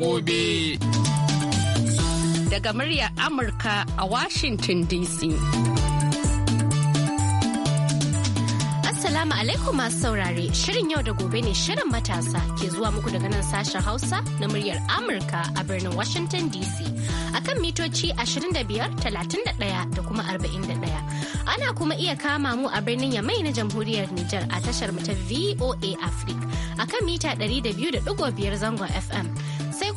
gobe. Daga muryar Amurka a Washington DC. Assalamu alaikum masu saurare shirin yau da gobe ne shirin matasa ke zuwa muku daga nan sashen Hausa na muryar Amurka a birnin Washington DC akan mitoci 25, 31 da kuma 41. ana kuma iya kama mu a birnin Yamai na jamhuriyar Nijar a tashar mu ta VOA Africa akan mita 200.5 zangon FM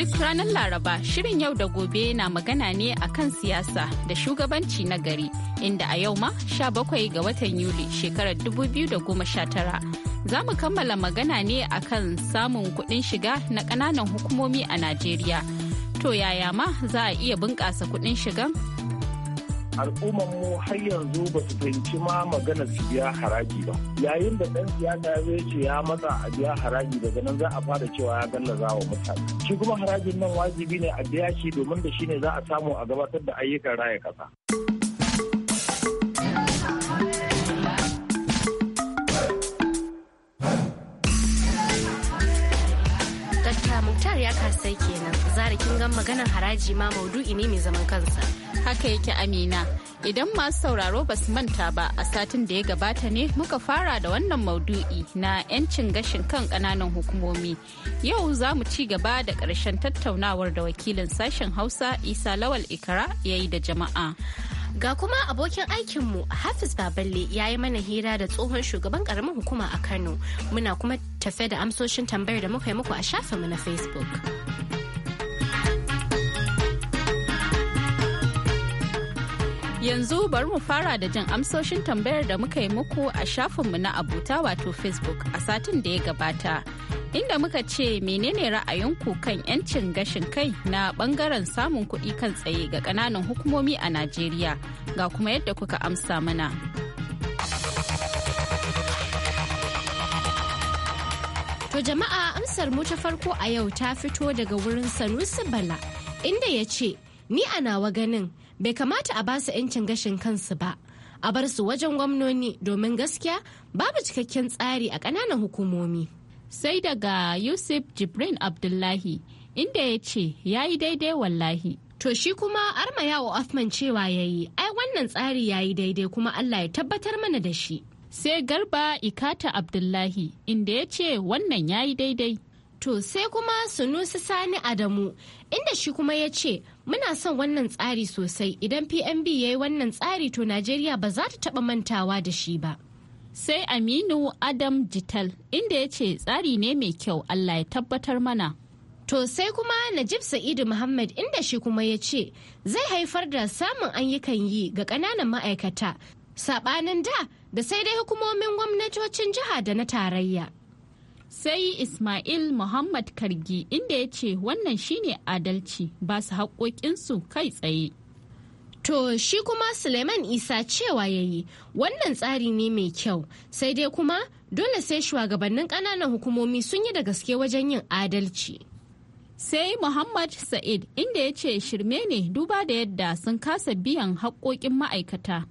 duk ranar Laraba shirin yau da gobe na magana ne akan siyasa da shugabanci na gari inda a yau ma 17 ga watan Yuli shekarar 2019. za mu kammala magana ne akan samun kuɗin shiga na kananan hukumomi a Najeriya. To yaya ma za a iya bunƙasa kuɗin shigan? al'ummar mu har yanzu ba su fahimci ma magana su biya haraji ba yayin da ɗan siyasa ya ce ya matsa a biya haraji daga nan za a fara cewa ya gallaza wa mutane shi kuma harajin nan wajibi ne a biya shi domin da shi ne za a samu a gabatar da ayyukan raya ƙasa. Muktar ya kasai kenan. Zara kin gan maganar haraji ma maudu'i ne mai zaman kansa. Haka yake Amina. Idan masu sauraro ba su manta ba a satin da ya gabata ne muka fara da wannan maudu'i na 'yancin gashin kan kananan hukumomi. Yau za mu ci gaba da ƙarshen tattaunawar da wakilin sashen Hausa Isa Lawal Ikara ya yi da jama'a. Ga kuma abokin aikinmu Hafiz Baballe ya yi mana hira da tsohon shugaban karamin hukuma a Kano. Muna kuma tafe da amsoshin tambayar da muka yi muku a shafinmu na Facebook. Yanzu bari mu fara da jin amsoshin tambayar da muka yi muku a shafinmu na abuta wato Facebook a satin da ya gabata. Inda muka ce menene ra'ayinku kan 'yancin gashin kai na bangaren samun kuɗi kan tsaye ga ƙananan hukumomi a Najeriya ga kuma yadda kuka amsa mana. To jama'a amsar mu ta farko a yau ta fito daga wurin Sanusi Bala inda ya ce, Ni a nawa ganin bai kamata a basu 'yancin gashin kansu ba a bar su wajen gwamnoni domin gaskiya babu cikakken tsari a ƙananan hukumomi sai daga yusuf jibrin abdullahi inda ya ce ya yi daidai wallahi to shi kuma arma yawo afman cewa ya yi ai wannan tsari ya yi daidai kuma allah ya tabbatar mana da shi sai garba ikata abdullahi inda ya ce wannan ya yi daidai To sai kuma Sunusi Sani Adamu inda shi kuma ya ce muna son wannan tsari sosai idan PNB ya yi wannan tsari to Najeriya ba za ta taɓa mantawa da shi ba. Sai Aminu Adam Jital inda ya ce tsari ne mai kyau Allah ya tabbatar mana. To sai kuma Najib Sa'idu Muhammad inda shi kuma ya ce zai haifar da samun ayyukan yi ga ƙananan ma'aikata saɓanin da da sai dai hukumomin gwamnatocin jiha da na tarayya. sai Ismail Muhammad Kargi inda ya ce wannan shine adalci ba su haƙoƙinsu kai tsaye. To shi kuma Suleiman Isa cewa ya yi wannan tsari ne mai kyau sai dai kuma dole sai shugabannin ƙananan hukumomi sun yi da gaske wajen yin adalci. Sai Muhammad Sa'id inda ya ce shirme ne duba da yadda sun kasa biyan haƙoƙin ma'aikata.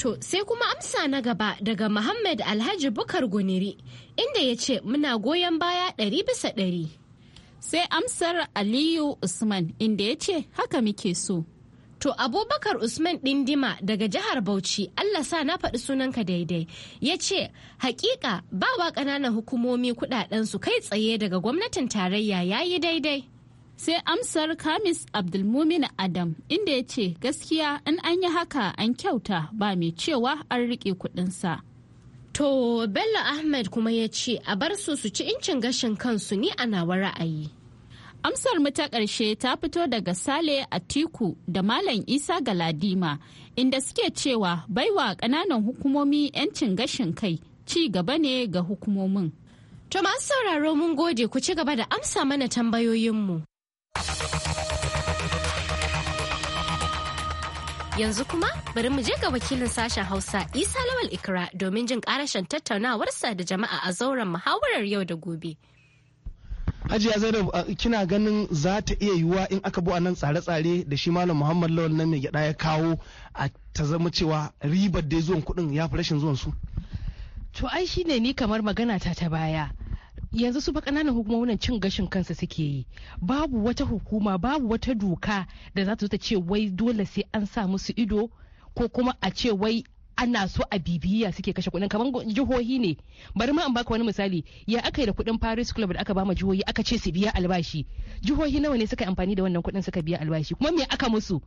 To sai kuma amsa na gaba daga Muhammad Alhaji Bukar Guniri inda ya ce muna goyon baya ɗari bisa ɗari. Sai amsar Aliyu Usman inda ya ce haka muke so. To Abubakar Usman Dindima daga jihar Bauchi Allah sa na faɗi sunanka daidai ya ce hakika ba wa ƙananan hukumomi su kai tsaye daga gwamnatin tarayya yayi daidai. sai amsar kamis abdulmumin adam inda ya ce gaskiya in an yi haka an kyauta ba mai cewa an riƙe kuɗinsa. to bello ahmed kuma ya ce a bar su su ci incin gashin kansu ni a nawa ra'ayi amsar mu ta ƙarshe ta fito daga sale a Tiku da malam isa galadima inda suke cewa baiwa ƙananan hukumomi 'yancin gashin kai ci gaba ne ga hukumomin to masu sauraro mun gode ku ci gaba da amsa mana tambayoyinmu Yanzu kuma bari mu je ga wakilin sashen Hausa Isa Lawal Ikra domin jin karashin tattaunawarsa da jama'a a zauren muhawarar yau da gobe. Hajiya Zainab kina ganin za ta iya yiwuwa in aka a nan tsare-tsare da shi Malam Muhammad Lawal nan mai gyada ya kawo a ta zama cewa ribar da zuwan kuɗin ya fi rashin zuwan su. To ai shine ni kamar magana ta ta baya. yanzu su fa ƙananan hukumomin cin gashin kansa suke yi babu wata hukuma babu wata doka da za ta ce wai dole sai an sa musu ido ko kuma a ce wai ana so a bibiya suke kashe kuɗin kamar jihohi ne bari ma an baka wani misali ya aka yi da kuɗin paris club da aka bama jihohi aka ce su biya albashi jihohi nawa ne suka amfani da wannan kuɗin suka biya albashi kuma me aka musu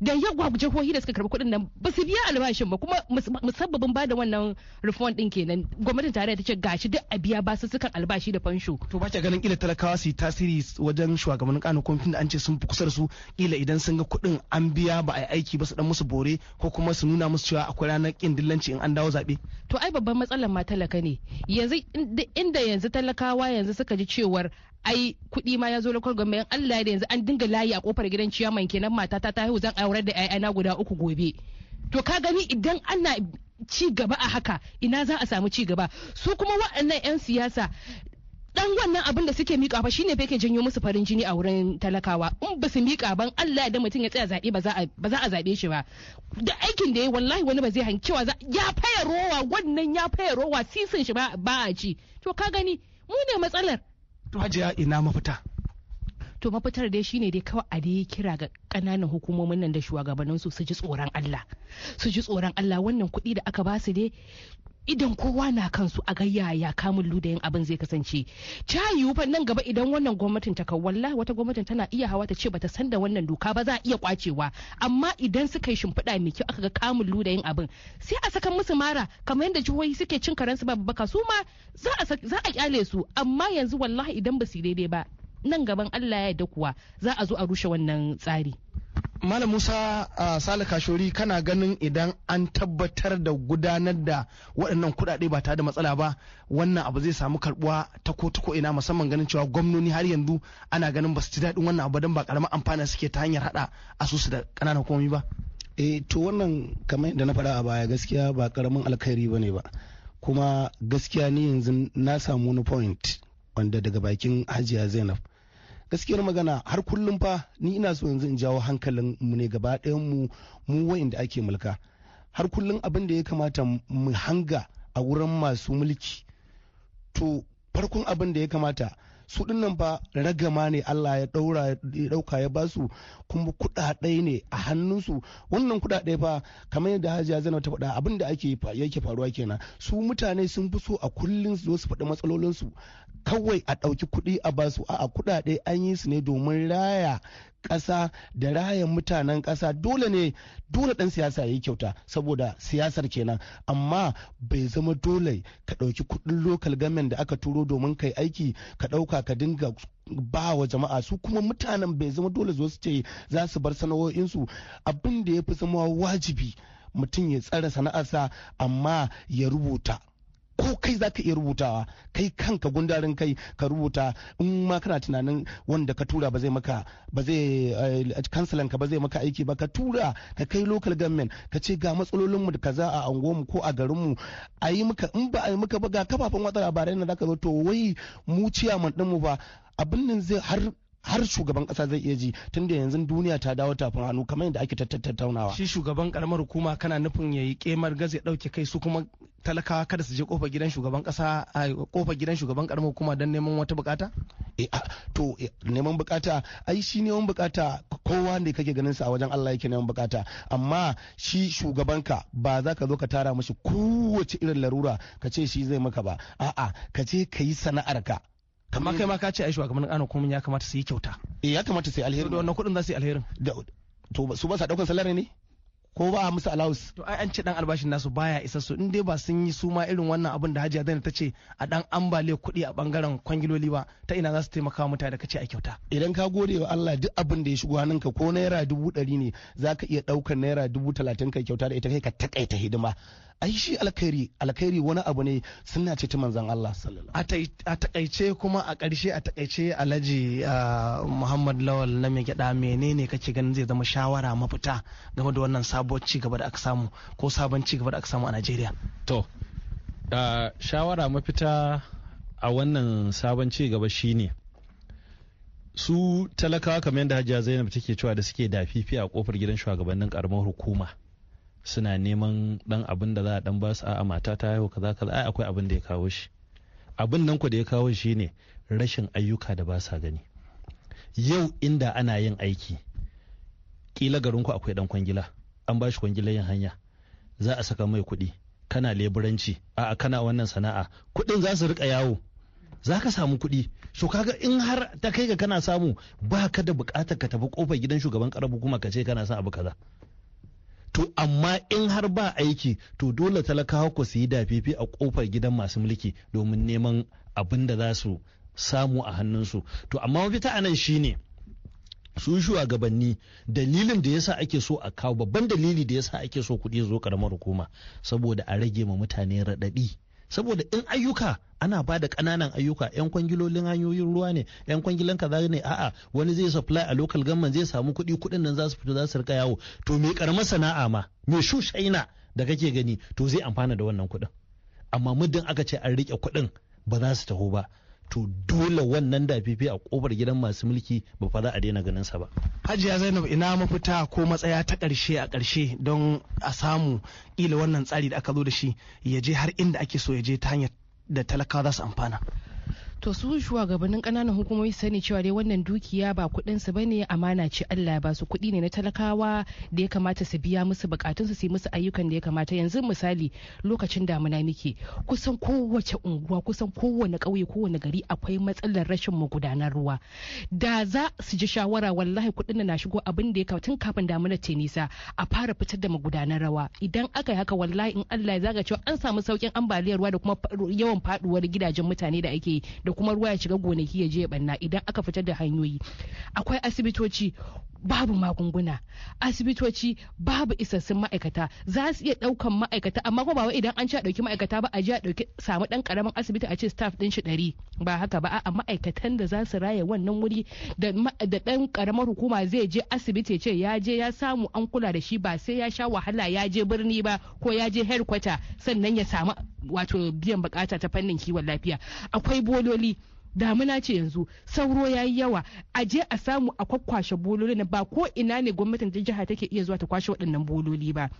da yawa jihohi da suka karbi kuɗin nan ba su biya albashin ba kuma musabbabin ba da wannan reform din kenan gwamnatin tarayya ta ce gashi duk a biya su sukan albashi da fansho to ba ganin kila talakawa su yi tasiri wajen shugabannin kano kwamitin da an ce sun fi kusa da su kila idan sun ga kuɗin an biya ba a yi aiki ba su dan musu bore ko kuma su nuna musu cewa akwai ranar kin dillanci in an dawo zaɓe to ai babban matsalar ma talaka ne yanzu inda yanzu talakawa yanzu suka ji cewar ai kuɗi ma ya zo local government Allah da yanzu an dinga layi a kofar gidan ciyaman kenan mata ta haihu zan aurar da 'ya'yana guda uku gobe to ka gani idan ana ci gaba a haka ina za a samu ci gaba su kuma waɗannan 'yan siyasa dan wannan abin da suke mika ba shine fa yake janyo musu farin jini a wurin talakawa in ba su mika ban Allah da mutum ya tsaya zabe ba za a ba zabe shi ba da aikin da yayi wallahi wani ba zai hankewa ya faya rowa wannan ya faya rowa sisin shi ba a ci to ka gani mu ne matsalar to hajiya ina mafita to mafitar dai shine dai kawai a dai kira ga ƙananan hukumomin nan da shugabannin su ji tsoron Allah su ji tsoron Allah wannan kuɗi da aka ba su dai idan kowa na kansu a ga yaya kamun ludayin abin zai kasance ta yiwu fa nan gaba idan wannan gwamnatin ta kawalla wata gwamnatin tana iya hawa ta ce bata san da wannan doka ba za a iya kwacewa amma idan suka yi shimfiɗa mai kyau aka ga kamun ludayin abin sai a saka musu mara kamar yadda jihohi suke cin karensu babbaka su ma za a kyale su amma yanzu wallahi idan ba su daidai ba nan gaban Allah ya yarda kuwa za a zo a rushe wannan tsari Malam Musa uh, Sale Kashori kana ganin idan an tabbatar da gudanar da waɗannan kuɗaɗe ba tare da matsala ba wannan abu zai samu karɓuwa ta ko ta ina musamman ganin cewa gwamnoni har yanzu ana ganin ba su ji daɗin wannan abu don ba ƙaramin amfana suke ta hanyar haɗa asusu da ƙananan hukumomi ba. E to wannan kamar yadda na faɗa a baya gaskiya ba ƙaramin alkhairi ba ne ba kuma gaskiya ni yanzu na samu wani point wanda daga bakin Hajiya Zainab. gaskiyar magana har kullum fa ni ina so yanzu in jawo hankalin mu ne gaba ɗayan mu mu da ake mulka har kullum abin da ya kamata mu hanga a wurin masu mulki to farkon abin da ya kamata su dinnan ba ragama ne Allah ya daura ya dauka ya basu kuma kudade ne a hannunsu wannan kudade ba kamar yadda Hajiya Zainab ta faɗa abin da ake yake faruwa kenan su mutane sun fi so a kullun su zo su faɗi matsalolinsu kawai a ɗauki kuɗi a basu a'a kudade an yi su ne domin raya ƙasa da rayan mutanen ƙasa dole ne dole ɗan siyasa ya yi kyauta saboda siyasar kenan amma bai zama dole ka ɗauki kuɗin lokal gamen da aka turo domin kai aiki ka ɗauka ka dinga ba wa jama'a su kuma mutanen bai zama dole zo su ce za su bar sana'o'insu abin da ya fi zama wajibi mutum ya tsara sana'arsa amma ya rubuta ko kai za ka iya rubutawa kai kanka gundarin kai ka rubuta in ma kana tunanin wanda ka tura ba zai maka ba zai eh, kansalan ka ba zai maka aiki ba ka tura ka kai local government ka ce ga matsalolin mu kaza a anguwan ko a garin mu a yi muka in ba a yi muka ba ga kafafen watsa labarai na zaka zo to wai mu ciya din mu ba abin nan zai har har shugaban kasa zai iya ji tunda yanzu duniya ta dawo tafin hannu kamar yadda ake tattaunawa shi shugaban karamar hukuma kana nufin ya yi kemar ya dauke kai su kuma talakawa kada su je kofar gidan shugaban kasa a kofar gidan shugaban karamar hukuma don neman wata bukata eh, to eh, neman bukata ai shi neman bukata kowa ne kake ganin sa a wajen Allah yake neman bukata amma shi shugaban ka ba za ka zo ka tara mashi kowace irin larura ka ce shi zai maka ba a'a ka je ka yi sana'arka kamar kai ma ka ce ai shugaban ƙanan komai ya kamata su yi kyauta eh ya kamata su yi alherin da wannan kuɗin za su yi alherin to su ba sa daukan salari ne ko ba a musu allowance to ai an ce dan albashin nasu baya isa su in dai ba sun yi su ma irin wannan abin da Hajiya Zainab ta ce a dan ambale kuɗi a bangaren kwangiloli ba ta ina za su taimaka wa mutane da kace a kyauta idan ka gode wa Allah duk abin da ya shigo hannunka ko naira dubu ɗari ne zaka iya ɗaukar naira dubu talatin ka kyauta da ita kai ka takaita hidima ai shi alkhairi alkhairi wani abu ne suna ce ta manzan Allah a takaice kuma a karshe a takaice alhaji ah, Muhammad Lawal na mai gyada menene kake ganin zai zama shawara mafita game da wannan sabuwar ci gaba da aka samu ko sabon ci gaba da aka samu a Najeriya to ah, shawara mafita a wannan sabon ci gaba shine su talakawa kamar yadda hajiya zainab take cewa da suke dafifi a kofar gidan shugabannin karamar hukuma suna neman dan abin da za a dan basu su mata ta haihu kaza kaza ai akwai abin da ya kawo shi abin nan ku da ya kawo shi ne rashin ayyuka da ba sa gani yau inda ana yin aiki kila garin ku akwai dan kwangila an ba shi kwangilar yin hanya za a saka mai kuɗi kana leburanci a'a kana wannan sana'a kuɗin za su rika yawo za ka samu kuɗi so kaga in har ta kai ga kana samu ba ka da buƙatar ka tafi kofar gidan shugaban ƙarar hukuma ka ce kana son abu kaza to amma in har ba aiki to dole talakawa ku su yi dafifi a kofar gidan masu mulki domin neman abin da za su samu a hannunsu to amma mafita a nan shine su shugabanni dalilin da yasa ake so a kawo babban dalili da yasa ake so kuɗi zo karamar hukuma saboda a rage ma mutane raɗaɗi saboda in ayyuka ana ba da ƙananan ayyuka yan kwangilolin hanyoyin ruwa ne yan kwangilan kaza ne a'a wani zai supply a local government zai samu kuɗi kuɗin nan za su fito za su rika yawo to me karamar sana'a ma me shushaina da kake gani to zai amfana da wannan kuɗin amma muddin aka ce an rike kuɗin ba za su taho ba to dole wannan dafifi a kofar gidan masu mulki ba fa za a daina ganin sa ba. Hajiya Zainab ina mafita ko matsaya ta ƙarshe a ƙarshe don a samu ila wannan tsari da aka zo da shi ya je har inda ake so ya je ta hanyar da talaka za su amfana to su shugabannin kananan hukumomi sani cewa dai wannan dukiya ba kuɗin su bane amana ce Allah ba su kuɗi ne na talakawa da ya kamata su biya musu bukatun su yi musu ayyukan da ya kamata yanzu misali lokacin damuna muke kusan kowace unguwa kusan kowane ƙauye kowane gari akwai matsalar rashin magudanar ruwa da za su ji shawara wallahi kuɗin na shigo abin da ya kawo tun kafin damuna ce nisa a fara fitar da magudanar rawa idan aka yi haka wallahi in Allah ya zaga cewa an samu saukin ambaliyar ruwa da kuma yawan faduwar gidajen mutane da ake da kuma ruwa ya shiga gonaki ya je ya banna idan aka fitar da hanyoyi akwai asibitoci babu magunguna asibitoci babu isassun ma'aikata za su iya daukan ma'aikata amma ko ba wai idan an ci a dauki ma'aikata ba a ji a dauki samu dan karamin asibiti a ce staff din shi ɗari ba haka ba a ma'aikatan da za su raya wannan wuri da dan karamar hukuma zai je asibiti ya ce ya je ya samu an kula da shi ba sai ya sha wahala ya je birni ba ko ya je headquarter sannan ya samu wato biyan bukata ta fannin kiwon lafiya akwai bololi damuna ce yanzu sauro ya yi yawa a je a samu a kwakwashe bololi na ba ko ina ne gwamnatin jiha take iya zuwa ta kwashe waɗannan bololi ba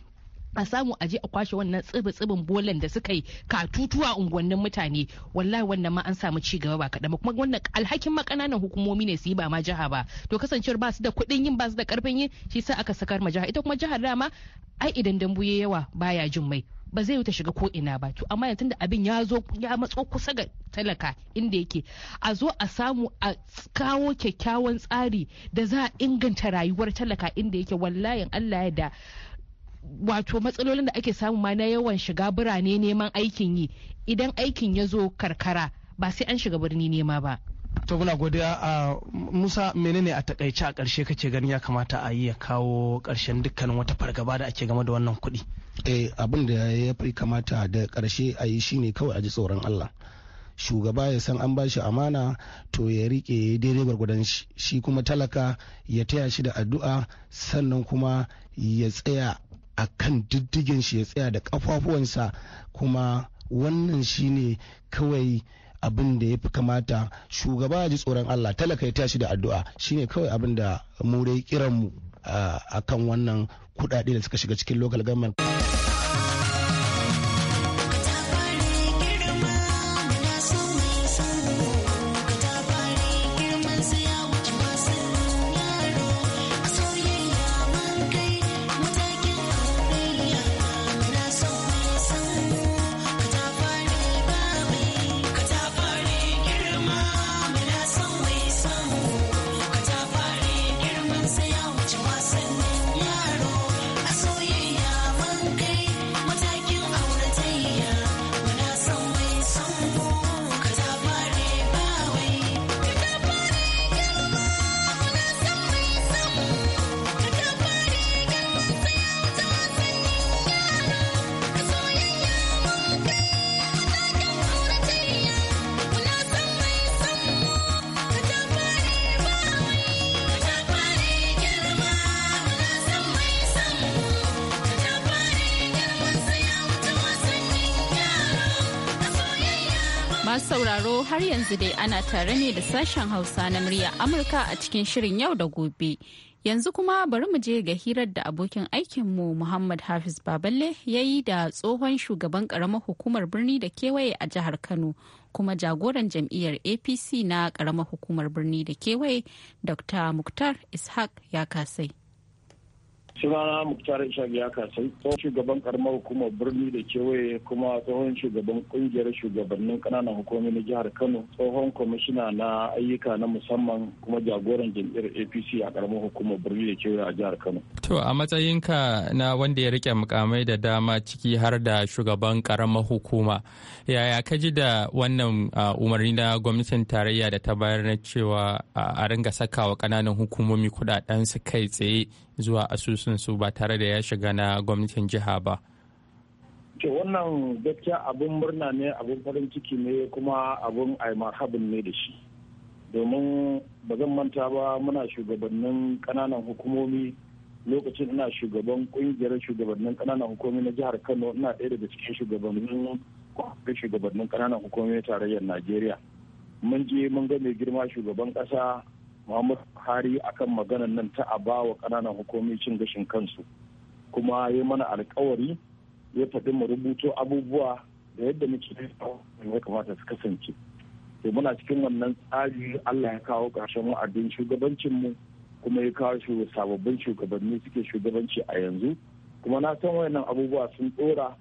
a samu a je a kwashe wannan tsibi-tsibin bolan da suka yi ka tutuwa unguwannin mutane wallahi wannan ma an samu ci gaba ba kaɗan kuma wannan alhakin ma hukumomi ne su yi ba ma jiha ba to kasancewar ba su da kuɗin yin ba su da ƙarfin yin shi sa aka sakar ma jiha ita kuma jihar dama ai idan dambu ya yawa baya jin mai ba zai wuta shiga ko ina ba to amma yanzu da abin ya zo ya matso kusa ga talaka inda yake a zo a samu a kawo kyakkyawan tsari da za a inganta rayuwar talaka inda yake wallahi Allah ya da wato matsalolin da ake samu ma na yawan shiga birane neman aikin yi idan aikin ya zo karkara ba sai an shiga birni nema ba to muna godiya a musa menene a takaice a karshe kake gani ya kamata a yi ya kawo karshen dukkanin wata fargaba da ake game da wannan kuɗi eh abin da ya fi kamata da karshe a yi shine kawai a ji tsoron allah shugaba ya san an bashi amana to ya rike daidai gwargwadon shi shi kuma talaka ya taya shi da addu'a sannan kuma ya tsaya a kan diddigin shi ya tsaya da kafafuwansa kuma wannan shine kawai abin da ya fi kamata shugaba ya ji tsoron Allah talaka ya tashi da addu'a shine kawai abin da mu dai kiran mu ah, akan wannan kuɗaɗe da suka shiga cikin local government. sauraro har yanzu dai ana tare ne da sashen Hausa na murya Amurka a cikin shirin yau da gobe. Yanzu kuma bari mu je ga hirar da abokin aikinmu Muhammad Hafiz Baballe ya yi da tsohon shugaban karamar hukumar birni da kewaye a jihar Kano kuma jagoran jam'iyyar APC na karamar hukumar birni da kewaye Dr. Muktar Ishaq ya kasai. sunana muktar isa ya kasai ko shugaban karamar hukumar birni da kewaye kuma tsohon shugaban kungiyar shugabannin kananan hukumomi na jihar kano tsohon kwamishina na ayyuka na musamman kuma jagoran jam'iyyar apc a karamar hukumar birni da kewaye a jihar kano to a matsayinka na wanda ya rike mukamai da dama ciki har da shugaban karamar hukuma yaya ka ji da wannan umarni na gwamnatin tarayya da ta bayar na cewa a ringa sakawa kananan hukumomi kudaden su kai tsaye zuwa asusun su ba tare da ya shiga na gwamnatin jiha ba. ke wannan gaskiya abin murna ne abin farin ciki ne kuma abin aimarhabin ne da shi domin ba zan manta ba muna shugabannin kananan hukumomi lokacin ina shugaban kungiyar shugabannin kananan hukumomi na jihar kano ina ɗaya daga cikin shugabannin shugabannin kananan hukumomi tarayyar najeriya mun je mun ga mai girma shugaban ƙasa Muhammad Buhari akan maganar nan ta a ba wa kananan hukumomi cin gashin kansu kuma ya mana alkawari ya faɗi mu rubuto abubuwa da yadda muke ya kamata su kasance sai muna cikin wannan tsari Allah ya kawo ƙarshen wa'adin shugabancin mu kuma ya kawo shi sababbin shugabanni suke shugabanci a yanzu kuma na san wayannan abubuwa sun tsora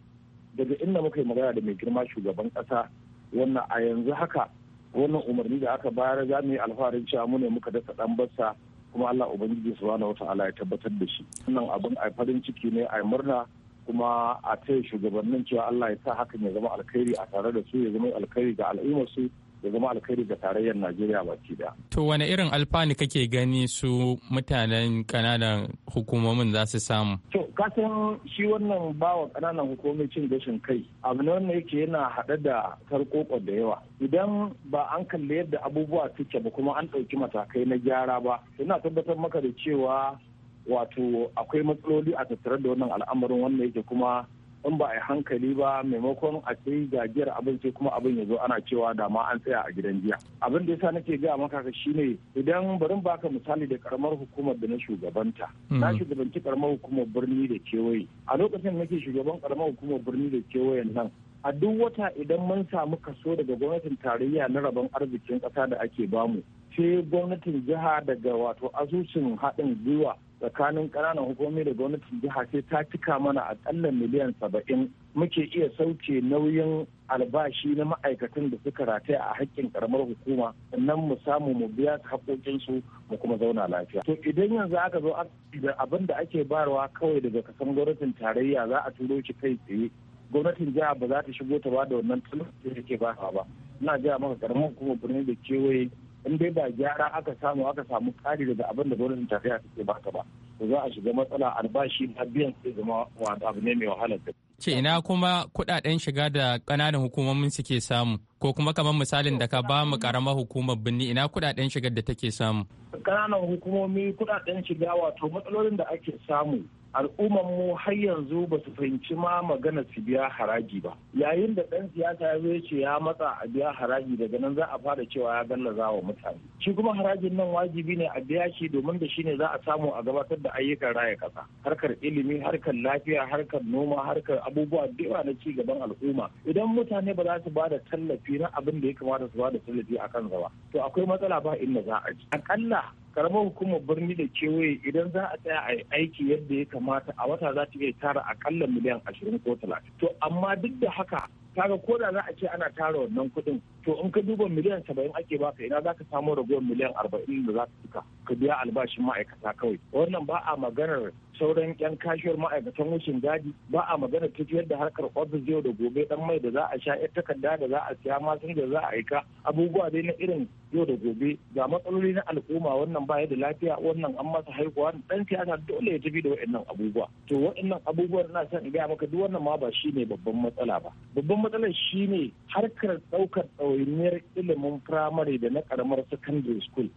daga inda muka yi magana da mai girma shugaban ƙasa wannan a yanzu haka wannan umarni da aka bayar za mu yi alfaharin cewa mu ne muka dasa dan bassa kuma Allah ubangiji subhanahu ta'ala ya tabbatar da shi wannan abun a farin ciki ne a murna kuma a taya shugabannin cewa Allah ya sa hakan ya zama alkhairi a tare da su ya zama alkhairi ga al'ummar su ya zama alkhairi ga tarayyar najeriya baki da to wani irin alfani kake gani su mutanen kananan hukumomin za su samu to kasan shi wannan bawa kananan hukumomin cin gashin kai abu ne wanda yake yana haɗe da tarkoko da yawa idan ba an kalli yadda abubuwa suke ba kuma an ɗauki matakai na gyara ba ina tabbatar maka da cewa wato akwai matsaloli a tattare da wannan al'amarin wanda yake kuma in ba a yi hankali ba maimakon a ce gajiyar abin sai kuma abin ya zo ana cewa da ma an tsaya a gidan jiya abin da yasa nake gaya maka ka shine idan barin baka misali da karamar hukumar da na shugabanta hmm. na shugabanci karamar hukumar birni da kewaye a lokacin nake shugaban karamar hukumar birni da kewayen nan a duk wata idan mun samu kaso daga gwamnatin tarayya na rabon arzikin ƙasa da ake bamu sai gwamnatin jiha daga wato asusun haɗin gwiwa tsakanin ƙananan hukumomi da gwamnatin jiha sai ta cika mana aƙalla miliyan saba'in muke iya sauke nauyin albashi na ma'aikatan da suka rataya a haƙƙin ƙaramar hukuma nan mu samu mu biya haƙoƙinsu mu kuma zauna lafiya. To idan yanzu aka zo da abin da ake bayarwa kawai daga kasan gwamnatin tarayya za a turo shi kai tsaye gwamnatin jiha ba za ta shigo ta ba da wannan talabijin da ke ba na Ina jiya maka ƙaramar hukumar birni da kewaye in dai ba gyara aka samu aka samu kari daga abin da gwamnatin tarayya take ta ba to za a shiga matsala albashi na biyan sai zama wato abu ne mai wahalar da ce ina kuma kudaden shiga da kananan hukumomin suke samu ko kuma kamar misalin da ka ba mu karamar hukumar birni ina kudaden shigar da take samu kananan hukumomi kudaden shiga wato matsalolin da ake samu al'umman mu har yanzu ba su fahimci ma magana su biya haraji ba yayin da ɗan siyasa ya ya ce ya matsa a biya haraji daga nan za a fara cewa ya gallaza wa mutane shi kuma harajin nan wajibi ne a biya shi domin da shi ne za a samu a gabatar da ayyukan raya kasa harkar ilimi harkar lafiya harkar noma harkar abubuwa da yawa na ci gaban al'umma idan mutane ba za su ba da tallafi na abin da ya kamata su ba da tallafi a kan ba to akwai matsala ba inda za a ji akalla karamar hukumar birni da kewaye idan za a tsaya a aiki yadda ya kamata mata a wata za ta iya tara akalla miliyan ashirin ko talatin to amma duk da haka kaga ko da za a ce ana tara wannan kuɗin to in ka duba miliyan saba'in ake baka ina za ka samu ragowar miliyan arba'in da za ka ka biya albashin ma'aikata kawai wannan ba a maganar sauran yan kashiyar ma'aikatan wucin gadi ba a maganar tafiyar da harkar ofis yau da gobe dan mai da za a sha yar takarda da za a siya masun da za a aika abubuwa dai na irin yau da gobe ga matsaloli na al'umma wannan ba da lafiya wannan an masa haihuwa dan siyasa dole ya tafi da waɗannan abubuwa to waɗannan abubuwan na san in gaya maka duk wannan ma ba shi ne babban matsala ba babban matsalar shine harkar ɗaukar ɗawainiyar ilimin firamare da na ƙaramar secondary school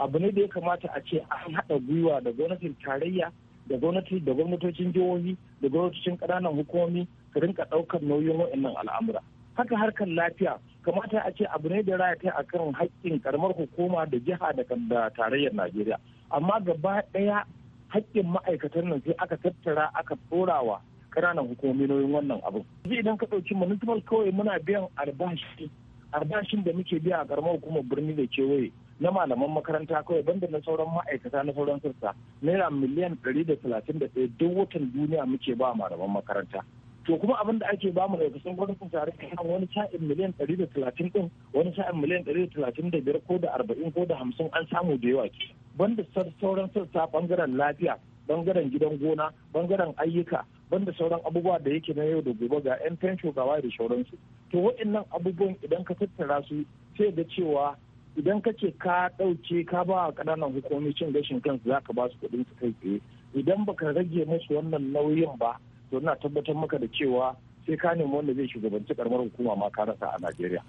abu ne da ya kamata a ce an haɗa gwiwa da gwamnatin tarayya da gwamnati da gwamnatocin jihohi da gwamnatocin ƙananan hukumomi su rinka ɗaukar nauyin wa'annan al'amura haka harkar lafiya kamata a ce abu ne da raya kai akan haƙƙin karamar hukuma da jiha da tarayyar najeriya amma gaba ɗaya haƙƙin ma'aikatan nan sai aka tattara aka tsorawa kananan hukumomin wannan abu yanzu idan ka ɗauki municipal kawai muna biyan albashi albashin da muke biya a ƙaramar hukumar birni da kewaye na malaman makaranta kawai banda na sauran ma'aikata na sauran sassa naira miliyan ɗari da talatin da ɗaya duk watan duniya muke ba malaman makaranta to kuma abin da ake bamu daga kusan gwamnatin da kan wani sa'in miliyan ɗari da talatin ɗin wani sa'in miliyan ɗari da talatin da biyar ko da arba'in ko da hamsin an samu da yawa ke banda sauran sassa bangaren lafiya bangaren gidan gona bangaren ayyuka da sauran abubuwa da yake na yau da gobe ga 'yan kan shugaba da sauransu to waɗannan abubuwan idan ka tattara su sai da cewa idan ka ce ka ɗauke ka ba wa ƙananan hukumomi cin gashin kansu za ka ba su kuɗin su kai tsaye idan ka rage musu wannan nauyin ba to na tabbatar maka da cewa sai ka nemi wanda zai shugabanci karamar hukuma ma ka rasa a Najeriya.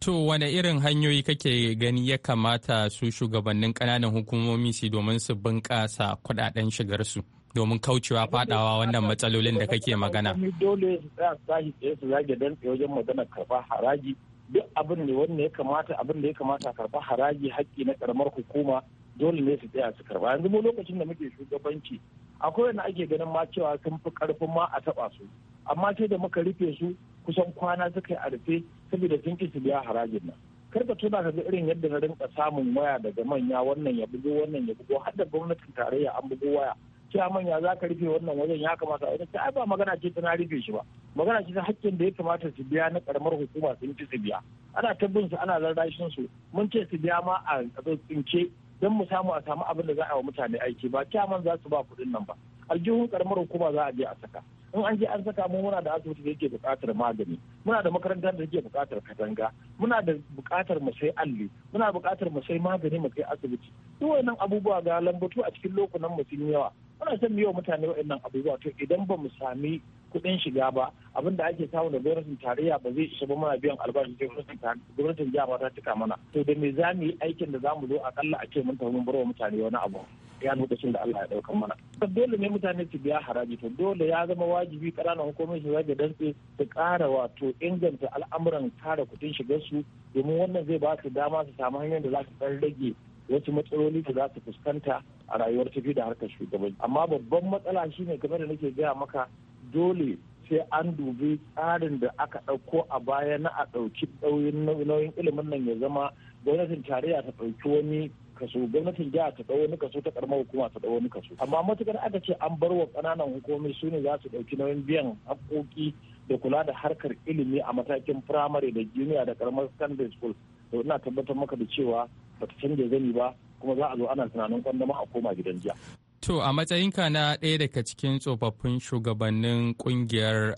To wane irin hanyoyi kake gani ya kamata su shugabannin ƙananan hukumomi su domin su bunƙasa kuɗaɗen shigarsu? domin kaucewa fadawa wannan matsalolin da kake magana. Dole su tsaya su tsaye su zage don wajen magana karfa haraji duk abin ne wanda ya kamata abin da ya kamata karba haraji haƙƙi na karamar hukuma dole ne su tsaya su karba yanzu mu lokacin da muke shugabanci akwai wanda ake ganin ma cewa sun fi karfin ma a taɓa su amma sai da muka rufe su kusan kwana suka yi a rufe saboda sun ƙi su biya harajin nan karka tuna ka ga irin yadda na rinka samun waya daga manya wannan ya bugo wannan ya bugo har da gwamnatin tarayya an bugo waya cewa manya za ka rufe wannan wajen ya kamata a ta ba magana ce ta na rufe shi ba magana ce ta hakkin da ya kamata su biya na karamar hukuma sun ci su biya ana tabbin su ana rarrashin su mun ce su biya ma a tsince don mu samu a samu abin da za a wa mutane aiki ba kyaman za su ba kuɗin nan ba aljihun karamar hukuma za a je a saka in an je an saka mu muna da asibiti da yake buƙatar magani muna da makarantar da yake buƙatar katanga muna da buƙatar mu sai alli muna buƙatar mu sai magani mu kai asibiti duk wannan abubuwa ga lambatu a cikin lokunan mu sun yawa ana son miyau yi wa mutane waɗannan abubuwa to idan ba mu sami kuɗin shiga ba abin da ake samu da gwamnatin tarayya ba zai isa ba mana biyan albashi da gwamnatin jiha ta cika mana to da me za mu yi aikin da za mu zo akalla a ce mun tafi mun bar wa mutane wani abu ya lokacin da Allah ya ɗauka mana. Dole ne mutane su biya haraji to dole ya zama wajibi ƙananan hukumomi su zage dantse su ƙara wato inganta al'amuran kare kuɗin shigar su domin wannan zai ba su dama su samu hanyar da za su ɗan rage wasu matsaloli da za su fuskanta a rayuwar tafi da harkar shugabanci amma babban matsala shine game da nake gaya maka dole sai an dubi tsarin da aka ɗauko a baya na a ɗauki nauyin ilimin nan ya zama gwamnatin tarayya ta ɗauki wani kaso gwamnatin jiha ta ɗau wani kaso ta karamar hukuma ta ɗau wani kaso amma matukar aka ce an bar wa ƙananan hukumomi su ne za su ɗauki nauyin biyan haƙoƙi da kula da harkar ilimi a matakin firamare da jiniya da ƙaramar secondary school to ina tabbatar maka da cewa ba ta canja zani ba kuma za a zo ana tunanin kwandama a koma gidan jiya. To a matsayinka na ɗaya daga cikin tsofaffin shugabannin kungiyar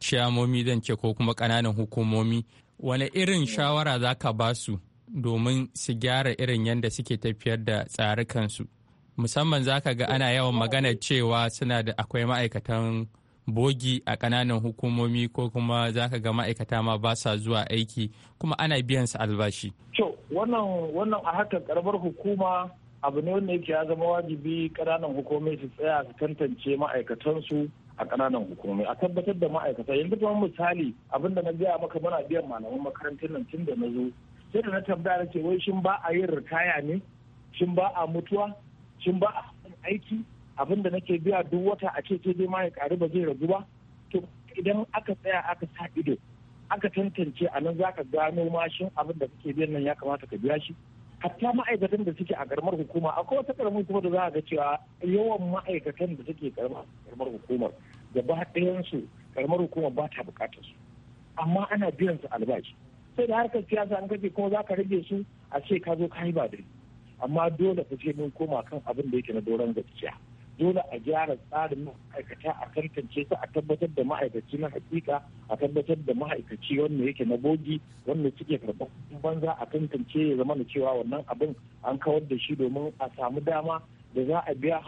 ciyamomi zan ce ko kuma ƙananan hukumomi wani irin shawara za ka ba su domin su gyara irin yadda suke tafiyar da tsarukansu musamman za ka ga ana yawan magana cewa suna da akwai ma'aikatan bogi a kananan hukumomi ko kuma za ka ga ma'aikata ma ba sa zuwa aiki kuma ana biyan su albashi. To wannan wannan a hakan karamar hukuma abu ne wanda yake ya zama wajibi ƙananan hukumomi su tsaya su tantance ma'aikatansu a ƙananan hukumomi a tabbatar da ma'aikata yanzu kuma misali abin da na gaya maka muna biyan malaman makarantar nan tun da na zo sai da na tambaya ce wai shin ba a yin ritaya ne shin ba a mutuwa shin ba a aiki abin da nake biya duk wata a ce ce zai ma ya karu ba zai ragu ba to idan aka tsaya aka sa ido aka tantance a nan za ka gano mashin abin da kake biyan nan ya kamata ka biya shi hatta ma'aikatan da suke a karamar hukuma akwai wata karamar hukuma da za a ga cewa yawan ma'aikatan da suke karamar hukumar gaba ɗayansu karamar hukumar ba ta bukatar su amma ana biyan su albashi sai da harkar siyasa an kace kuma za ka rage su a ce ka zo ka yi ba dai amma dole ka ce mun koma kan abin da yake na doron gaskiya dole a gyara tsarin ma'aikata a tantance su a tabbatar da ma'aikaci na hakika a tabbatar da ma'aikaci wanda yake na bogi wanda suke karɓar banza a tantance ya zama da cewa wannan abin an kawar da shi domin a samu dama da za a biya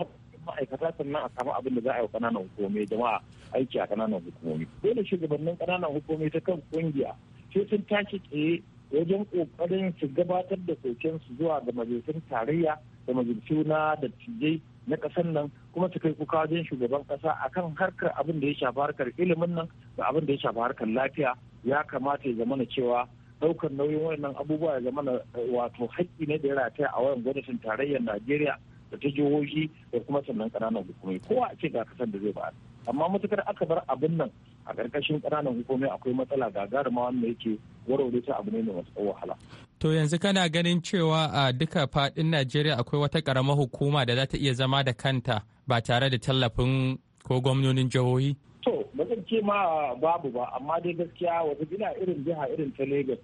ma'aikata sannan a samu abin da za a yi ƙananan hukumomi jama'a aiki a ƙananan hukumomi dole shugabannin ƙananan hukumomi ta kan ƙungiya sai sun tashi tsaye wajen ƙoƙarin su gabatar da su zuwa ga majalisun tarayya da majalisu na dattijai na ƙasar nan kuma su kai kuka wajen shugaban ƙasa akan harkar abin da ya shafi harkar ilimin nan da abin da ya shafi harkar lafiya ya kamata ya zama na cewa ɗaukar nauyin wannan abubuwa ya na eh, wato haƙƙi ne da ya rataya a wayan gwamnatin tarayyar najeriya da ta jihohi da kuma sannan ƙananan hukumai kowa a ce ga kasar da zai ba amma matukar aka bar abin nan a ƙarƙashin ƙananan hukumai akwai matsala gagaruma wanda yake warware ta abu ne mai matuƙar wahala. To yanzu kana ganin cewa a duka faɗin Najeriya akwai wata ƙaramar hukuma da za ta iya zama da kanta ba tare da tallafin ko gwamnonin jihohi? To, ba zan ce ma babu ba, amma dai gaskiya wata gina irin jiha irin ta lagos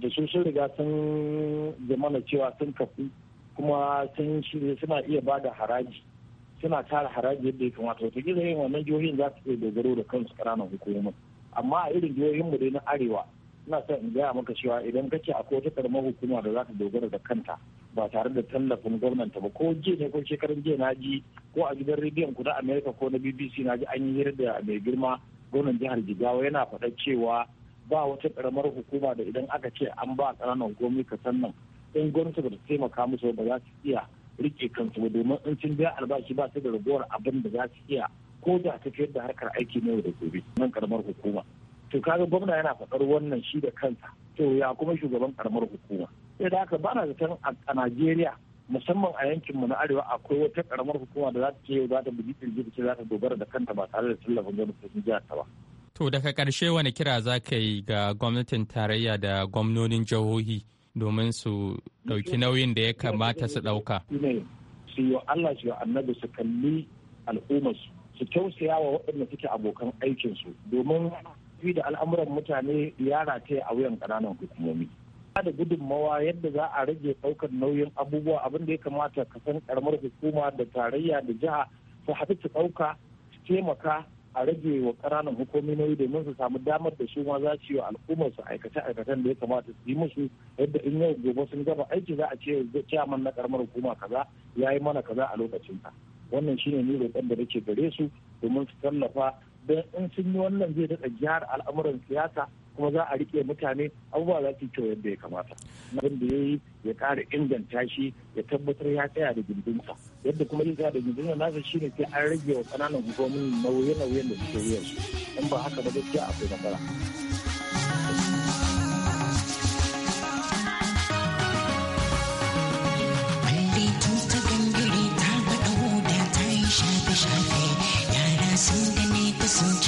da su sun riga sun zamana cewa sun kafu kuma sun shirya suna iya ba da haraji. Suna tara haraji yadda ya kamata. Wata gina yin wannan jihohin za su iya dogaro da kansu ƙananan hukumomin. Amma a irin jihohinmu dai na Arewa, ina son in gaya maka cewa idan kake a wata karamar hukuma da za ta dogara da kanta ba tare da tallafin gwamnati ba ko jiya ne ko shekaran jiya na ji ko a gidan rediyon ku na america ko na bbc na ji an yi hira da mai girma gwamnan jihar jigawa yana faɗa cewa ba wata karamar hukuma da idan aka ce an ba ƙananan gwamnati san nan in gwamnati ba ta taimaka musu ba za su iya rike kansu ba domin in sun biya albashi ba su da ragowar abin da za su iya ko da tafiyar da harkar aiki na da gobe nan karamar hukuma to kaga gwamna yana faɗar wannan shi da kansa to ya kuma shugaban karamar hukuma sai da haka ba na zaton a najeriya musamman a yankinmu na arewa akwai wata karamar hukuma da za ta ce za ta bugi kirji ce za ta dogara da kanta ba tare da tallafin gwamnatin jihar ta ba To daga karshe wani kira za ka yi ga gwamnatin tarayya da gwamnonin jihohi domin su dauki nauyin da ya kamata su ɗauka. Su yi Allah su annabi su kalli al'ummarsu su tausaya wa waɗanda suke abokan aikinsu domin tafi da al'amuran mutane ya rataye a wuyan ƙananan hukumomi da gudunmawa yadda za a rage ɗaukar nauyin abubuwa abin da ya kamata ka san ƙaramar hukuma da tarayya da jiha su haɗu su ɗauka su taimaka a rage wa ƙananan hukumomi nauyi domin su samu damar da su ma za su yi wa al'ummar su aikace aikacen da ya kamata su yi musu yadda in yau gobe sun gaba aiki za a ce ciyaman na ƙaramar hukuma kaza ya yi mana kaza a lokacin ka wannan shine ni roƙon da nake gare su domin su tallafa don in sun yi wannan zai daɗa gyara al'amuran siyasa kuma za a rike mutane abubuwa za su kyau yadda ya kamata abin da ya yi ya ƙara inganta shi ya tabbatar ya tsaya da gindinsa yadda kuma ya tsaya da gindinsa nasa shi ne sai an rage wa ƙananan hukumomin nauye-nauyen da suke yanzu in ba haka ba gaskiya akwai matsala. Listen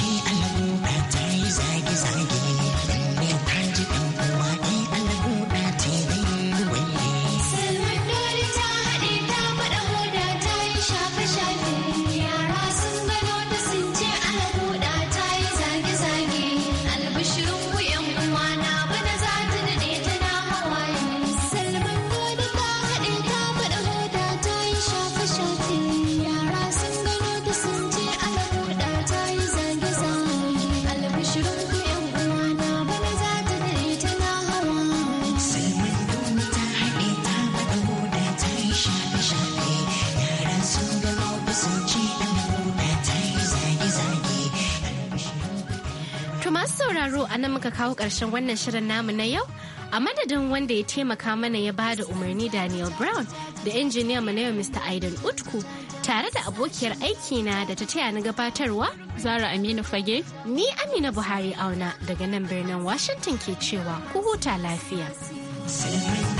kawo ƙarshen wannan shirin namu na yau a madadin wanda ya taimaka mana ya ba da umarni daniel brown da injiniyan mu na yau mr aidan utku tare da abokiyar aiki na da ta taya ni gabatarwa zara aminu fage ni amina buhari auna daga nan birnin washington ke cewa ku huta lafiya.